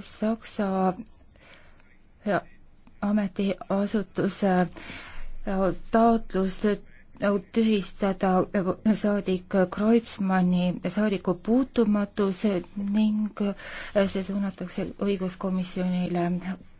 Saksa ametiasutuse taotlust nagu tühistada saadik Kreutzmanni saadiku puutumatus ning see suunatakse õiguskomisjonile